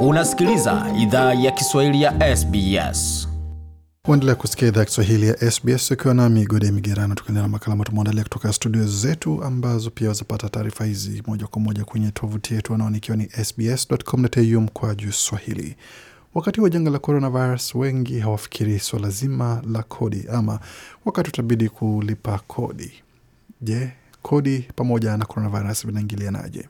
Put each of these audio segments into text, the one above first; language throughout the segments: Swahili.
Unasikiliza idhaa ya Kiswahili ya SBS. Uendelea kusikia idhaa ya Kiswahili ya SBS ukiwa nami Gode Migerano, tukiendelea na makala ambayo tumeandalia kutoka studio zetu, ambazo pia wazapata taarifa hizi moja kwa moja kwenye tovuti yetu anaonikiwa ni sbs.com.au juu swahili. Wakati wa janga la coronavirus, wengi hawafikiri swala zima la kodi ama wakati utabidi kulipa kodi. Je, kodi pamoja na coronavirus vinaingilianaje?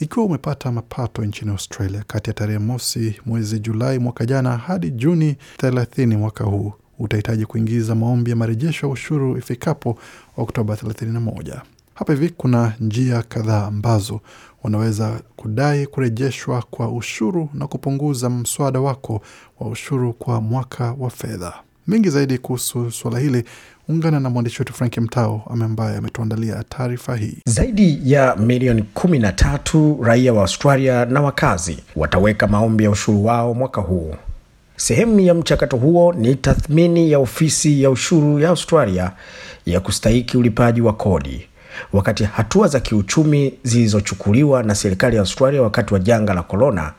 Ikiwa umepata mapato nchini Australia kati ya tarehe mosi mwezi Julai mwaka jana hadi Juni 30 mwaka huu, utahitaji kuingiza maombi ya marejesho ya ushuru ifikapo Oktoba 31. Hapa hivi kuna njia kadhaa ambazo unaweza kudai kurejeshwa kwa ushuru na kupunguza mswada wako wa ushuru kwa mwaka wa fedha. Mengi zaidi kuhusu suala hili ungana na mwandishi wetu Frank Mtao ambaye ametuandalia taarifa hii. Zaidi ya milioni kumi na tatu raia wa Australia na wakazi wataweka maombi ya ushuru wao mwaka huu. Sehemu ya mchakato huo ni tathmini ya ofisi ya ushuru ya Australia ya kustahiki ulipaji wa kodi, wakati hatua za kiuchumi zilizochukuliwa na serikali ya Australia wakati wa janga la korona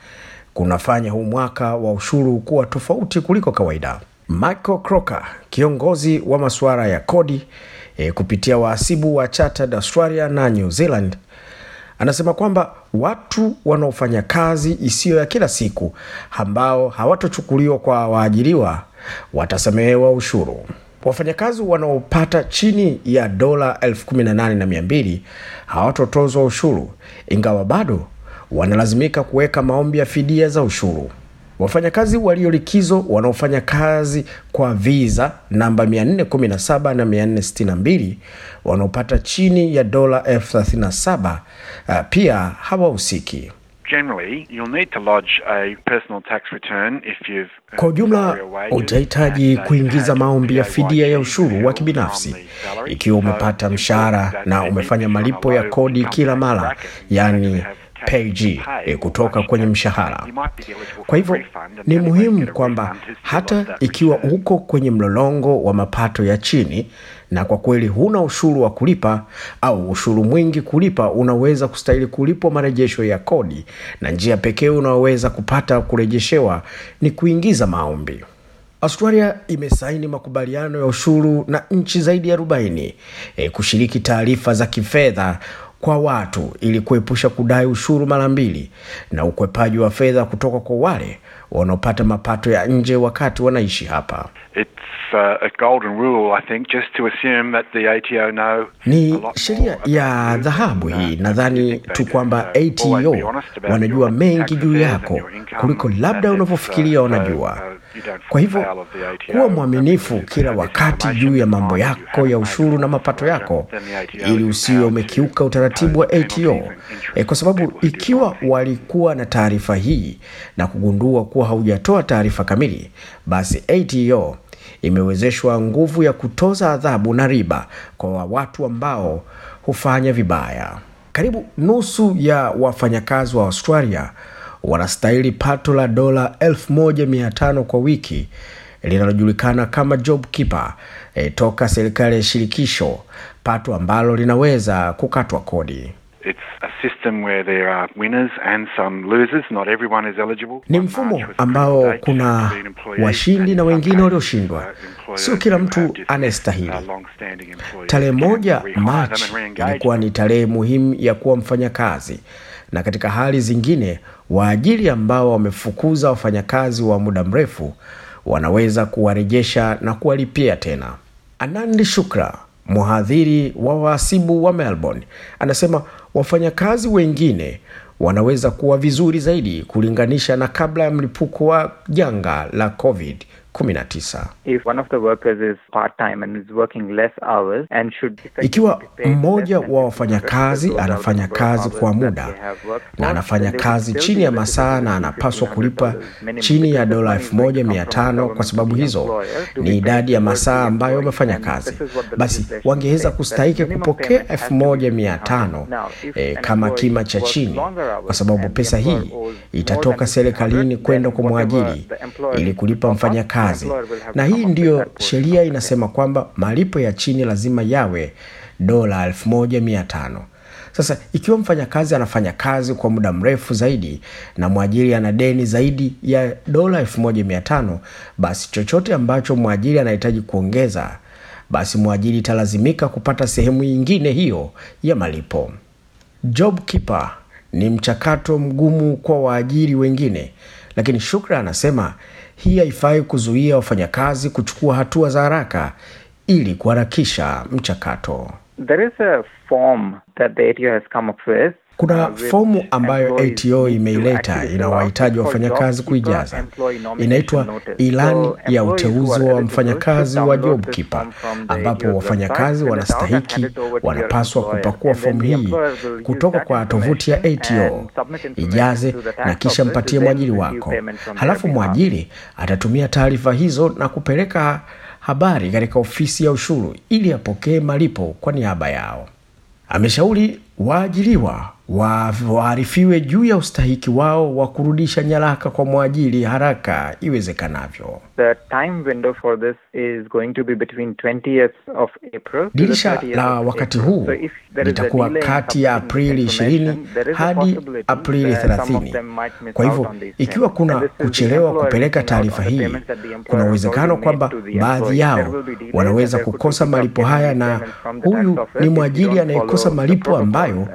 kunafanya huu mwaka wa ushuru kuwa tofauti kuliko kawaida. Michael Crocker, kiongozi wa masuala ya kodi e, kupitia wahasibu wa Chartered Australia na New Zealand anasema kwamba watu wanaofanya kazi isiyo ya kila siku ambao hawatochukuliwa kwa waajiriwa watasamehewa ushuru. Wafanyakazi wanaopata chini ya dola 18200 hawatotozwa ushuru, ingawa bado wanalazimika kuweka maombi ya fidia za ushuru. Wafanyakazi walio likizo wanaofanya kazi kwa visa namba 417 na 462 wanaopata chini ya dola 37 uh, pia hawahusiki. Uh, kwa ujumla utahitaji kuingiza maombi ya fidia ya ushuru wa kibinafsi ikiwa umepata mshahara na umefanya malipo ya kodi kila mara, yani PG eh, kutoka kwenye mshahara. Kwa hivyo ni muhimu kwamba hata ikiwa uko kwenye mlolongo wa mapato ya chini na kwa kweli huna ushuru wa kulipa au ushuru mwingi kulipa, unaweza kustahili kulipwa marejesho ya kodi, na njia pekee unaoweza kupata kurejeshewa ni kuingiza maombi. Australia imesaini makubaliano ya ushuru na nchi zaidi ya 40 e, eh, kushiriki taarifa za kifedha kwa watu ili kuepusha kudai ushuru mara mbili na ukwepaji wa fedha kutoka kwa wale wanaopata mapato ya nje wakati wanaishi hapa. Uh, ni sheria ya dhahabu hii. Nadhani tu kwamba ATO wanajua mengi juu yako kuliko labda unavyofikiria wanajua. Uh, uh, kwa hivyo kuwa mwaminifu kila wakati juu ya mambo yako ya ushuru na mapato yako, ili usiwe umekiuka utaratibu wa ATO eh, kwa sababu ikiwa walikuwa na taarifa hii na kugundua kuwa haujatoa taarifa kamili, basi ATO imewezeshwa nguvu ya kutoza adhabu na riba kwa watu ambao hufanya vibaya. Karibu nusu ya wafanyakazi wa Australia wanastahili pato la dola 1500 kwa wiki linalojulikana kama job keeper e, toka serikali ya shirikisho, pato ambalo linaweza kukatwa kodi. Ni mfumo ambao kuna washindi na wengine walioshindwa. Sio kila mtu uh, anayestahili. Tarehe moja Machi ilikuwa ni tarehe muhimu ya kuwa mfanyakazi, na katika hali zingine, waajili ambao wamefukuza wafanyakazi wa muda mrefu wanaweza kuwarejesha na kuwalipia tena. Anandi Shukra, mhadhiri wa wahasibu wa Melbourne, anasema wafanyakazi wengine wanaweza kuwa vizuri zaidi kulinganisha na kabla ya mlipuko wa janga la COVID 19. Ikiwa mmoja wa wafanyakazi anafanya kazi kwa muda na anafanya kazi chini ya masaa na anapaswa kulipa chini ya dola 15 kwa sababu hizo ni idadi ya masaa ambayo wamefanya kazi, basi wangeweza kustahiki kupokea 15 e, eh, kama kima cha chini, kwa sababu pesa hii itatoka serikalini kwenda kwa mwajiri ili kulipa mfanyakazi kazi, na hii ndiyo sheria inasema kwamba malipo ya chini lazima yawe dola 1500. Sasa ikiwa mfanyakazi anafanya kazi kwa muda mrefu zaidi na mwajiri ana deni zaidi ya dola 1500, basi chochote ambacho mwajiri anahitaji kuongeza, basi mwajiri italazimika kupata sehemu nyingine hiyo ya malipo. Job keeper ni mchakato mgumu kwa waajiri wengine, lakini Shukra anasema hii haifai kuzuia wafanyakazi kuchukua hatua za haraka ili kuharakisha mchakato. There is a form that the ATO has come up with kuna fomu ambayo ATO imeileta inawahitaji wafanyakazi kuijaza, inaitwa ilani ya uteuzi wa mfanyakazi wa job kipa ambapo wafanyakazi wanastahiki wanapaswa kupakua fomu hii kutoka kwa tovuti ya ATO, ijaze na kisha mpatie mwajiri wako. Halafu mwajiri atatumia taarifa hizo na kupeleka habari katika ofisi ya ushuru ili apokee malipo kwa niaba yao. Ameshauri waajiriwa waarifiwe juu ya ustahiki wao wa kurudisha nyaraka kwa mwajili haraka iwezekanavyo. Dirisha la wakati huu litakuwa so kati ya Aprili ishirini hadi Aprili thelathini. Kwa hivyo, ikiwa kuna kuchelewa kupeleka taarifa hii, kuna uwezekano kwamba baadhi yao wanaweza kukosa malipo haya, na huyu ni mwajili anayekosa malipo ambayo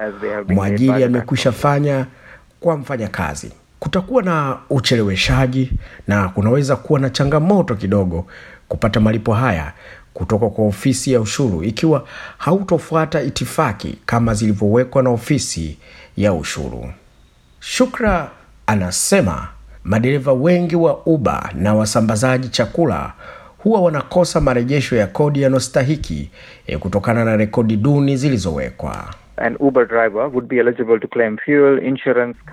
mwajili tajiri amekwisha fanya kwa mfanyakazi. Kutakuwa na ucheleweshaji na kunaweza kuwa na changamoto kidogo kupata malipo haya kutoka kwa ofisi ya ushuru ikiwa hautofuata itifaki kama zilivyowekwa na ofisi ya ushuru. Shukra anasema madereva wengi wa uba na wasambazaji chakula huwa wanakosa marejesho ya kodi yanayostahiki eh, kutokana na rekodi duni zilizowekwa.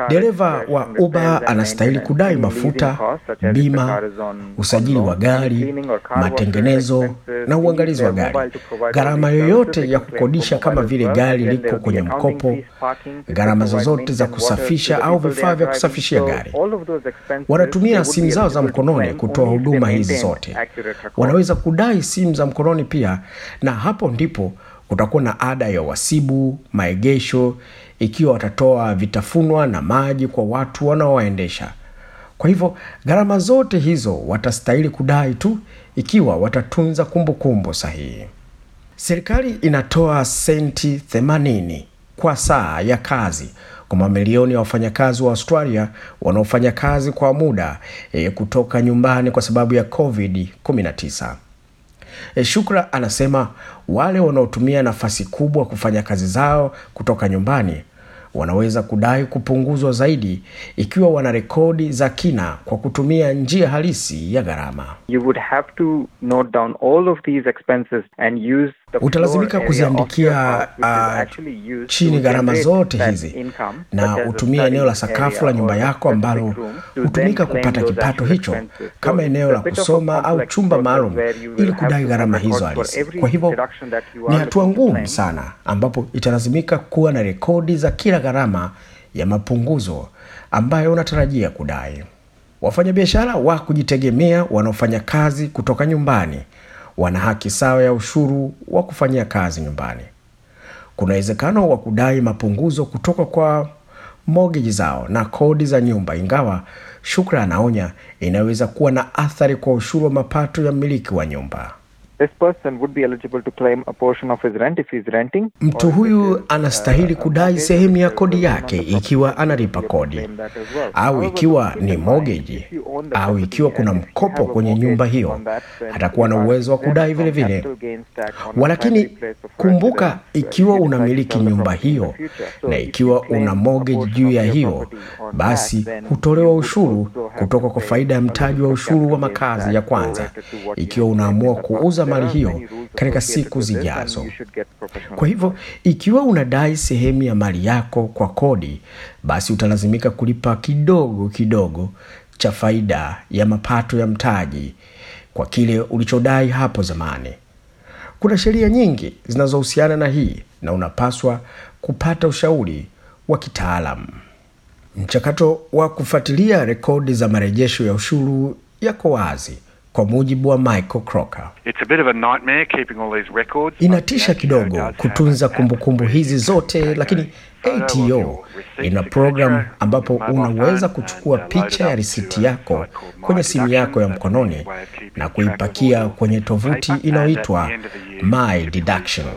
Dereva wa Uber anastahili kudai mafuta, bima, usajili wa gari, matengenezo na uangalizi wa gari, gharama yoyote ya kukodisha kama vile gari liko kwenye mkopo, gharama zozote za kusafisha au vifaa vya kusafishia gari. Wanatumia simu zao za mkononi kutoa huduma hizi zote. Wanaweza kudai simu za mkononi pia, na hapo ndipo Kutakuwa na ada ya wasibu, maegesho, ikiwa watatoa vitafunwa na maji kwa watu wanaowaendesha. Kwa hivyo gharama zote hizo watastahili kudai tu ikiwa watatunza kumbukumbu sahihi. Serikali inatoa senti 80 kwa saa ya kazi kwa mamilioni ya wafanyakazi wa Australia wanaofanya kazi kwa muda e, kutoka nyumbani kwa sababu ya COVID-19. E, Shukra anasema wale wanaotumia nafasi kubwa kufanya kazi zao kutoka nyumbani wanaweza kudai kupunguzwa zaidi ikiwa wana rekodi za kina kwa kutumia njia halisi ya gharama utalazimika kuziandikia uh, chini gharama zote hizi na utumie eneo la sakafu la nyumba yako ambalo hutumika kupata kipato hicho kama eneo la kusoma au chumba maalum ili kudai gharama hizo halisi. Kwa hivyo ni hatua ngumu sana, ambapo italazimika kuwa na rekodi za kila gharama ya mapunguzo ambayo unatarajia kudai. Wafanyabiashara wa kujitegemea wanaofanya kazi kutoka nyumbani wana haki sawa ya ushuru wa kufanyia kazi nyumbani. Kuna uwezekano wa kudai mapunguzo kutoka kwa mogeji zao na kodi za nyumba, ingawa Shukra anaonya inaweza kuwa na athari kwa ushuru wa mapato ya mmiliki wa nyumba. This person would be eligible to claim a portion of his rent if renting. Mtu huyu uh, anastahili kudai sehemu ya kodi yake ikiwa analipa kodi au ikiwa ni mortgage au ikiwa kuna mkopo kwenye nyumba hiyo, atakuwa na uwezo wa kudai vile vile. Walakini kumbuka, ikiwa unamiliki nyumba hiyo na ikiwa una mortgage juu ya hiyo, basi hutolewa ushuru kutoka kwa faida ya mtaji wa ushuru wa makazi ya kwanza. Ikiwa unaamua kuuza thamani hiyo katika siku zijazo. Kwa hivyo, ikiwa unadai sehemu ya mali yako kwa kodi, basi utalazimika kulipa kidogo kidogo cha faida ya mapato ya mtaji kwa kile ulichodai hapo zamani. Kuna sheria nyingi zinazohusiana na hii na unapaswa kupata ushauri wa kitaalam Mchakato wa kufuatilia rekodi za marejesho ya ushuru yako wazi kwa mujibu wa Michael Crocker. Inatisha kidogo kutunza kumbukumbu -kumbu hizi zote, lakini ATO ina programu ambapo unaweza kuchukua picha ya risiti yako kwenye simu yako ya mkononi na kuipakia kwenye tovuti inayoitwa My Deduction.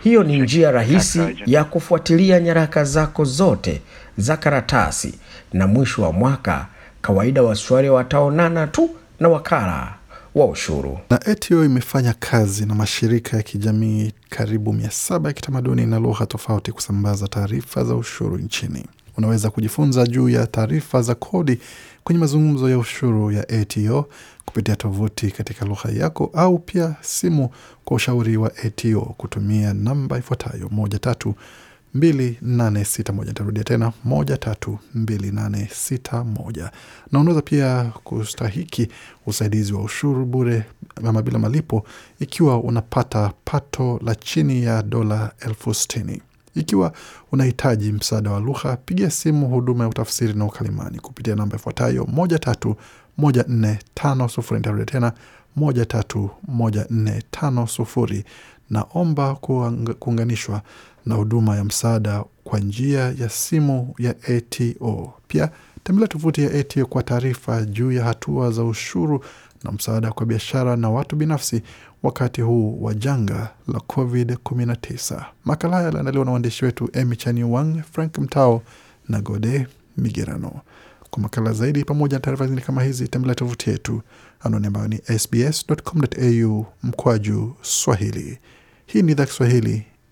Hiyo ni njia rahisi ya kufuatilia nyaraka zako zote za karatasi, na mwisho wa mwaka kawaida Waaustralia wataonana tu na wakala wa ushuru. Na ATO imefanya kazi na mashirika ya kijamii karibu mia saba ya kitamaduni na lugha tofauti kusambaza taarifa za ushuru nchini. Unaweza kujifunza juu ya taarifa za kodi kwenye mazungumzo ya ushuru ya ATO kupitia tovuti katika lugha yako au pia simu kwa ushauri wa ATO kutumia namba ifuatayo moja tatu 2861. Nitarudia tena 132861, na unaweza pia kustahiki usaidizi wa ushuru bure ama bila malipo ikiwa unapata pato la chini ya dola elfu Ikiwa unahitaji msaada wa lugha, pigia simu huduma ya utafsiri na ukalimani kupitia namba ifuatayo 131450. Nitarudia tena 131450, na omba kuunganishwa na huduma ya msaada kwa njia ya simu ya ATO. Pia tembelea tovuti ya ATO kwa taarifa juu ya hatua za ushuru na msaada kwa biashara na watu binafsi wakati huu wa janga la COVID-19. Makala haya yaliandaliwa na waandishi wetu Emy Wang, Frank Mtao na Gode Migerano. Kwa makala zaidi pamoja na taarifa zingine kama hizi, tembelea tovuti yetu anwani ambayo ni sbs.com.au mkwaju Swahili. Hii ni idhaa Kiswahili